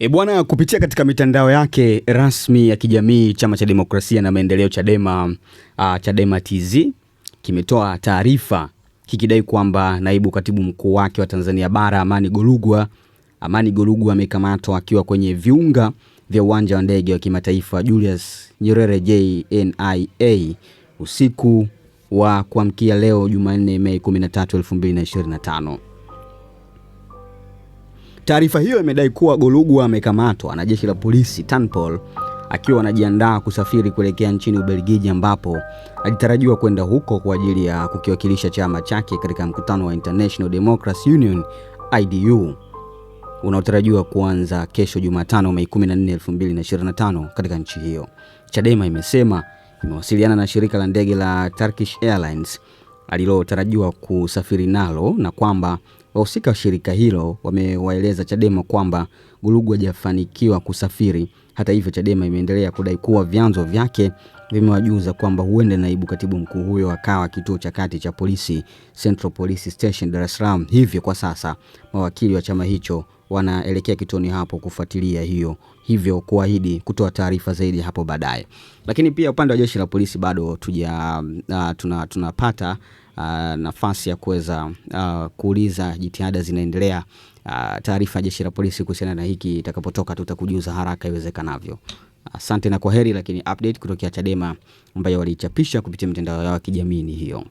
E bwana, kupitia katika mitandao yake rasmi ya kijamii chama cha demokrasia na maendeleo Chadema, uh, Chadema TZ kimetoa taarifa kikidai kwamba naibu katibu mkuu wake wa Tanzania bara Amani Golugwa Amani Golugwa amekamatwa akiwa kwenye viunga vya uwanja wa ndege wa kimataifa Julius Nyerere JNIA usiku wa kuamkia leo Jumanne Mei 13, 2025. Taarifa hiyo imedai kuwa Golugwa amekamatwa na jeshi la polisi Tanpol akiwa anajiandaa kusafiri kuelekea nchini Ubelgiji ambapo alitarajiwa kwenda huko kwa ajili ya kukiwakilisha chama chake katika mkutano wa International Democracy Union IDU unaotarajiwa kuanza kesho Jumatano Mei 14, 2025 katika nchi hiyo. Chadema imesema imewasiliana na shirika la ndege la Turkish Airlines alilotarajiwa kusafiri nalo na kwamba wahusika wa shirika hilo wamewaeleza Chadema kwamba Gulugu hajafanikiwa kusafiri hata hivyo, Chadema imeendelea kudai kuwa vyanzo vyake vimewajuza kwamba huenda naibu katibu mkuu huyo akawa kituo cha kati cha polisi Central Police Station Dar es Salaam. Hivyo kwa sasa mawakili wa chama hicho wanaelekea kituoni hapo kufuatilia hiyo, hivyo kuahidi kutoa taarifa zaidi hapo baadaye. Lakini pia upande wa jeshi la polisi bado tuja uh, tunapata uh, nafasi ya kuweza uh, kuuliza jitihada zinaendelea. Uh, taarifa ya jeshi la polisi kuhusiana na hiki itakapotoka tutakujuza haraka iwezekanavyo. Asante uh, na heri Lakini update kutokea Chadema ambayo waliichapisha kupitia mitandao yao ya kijamii ni hiyo.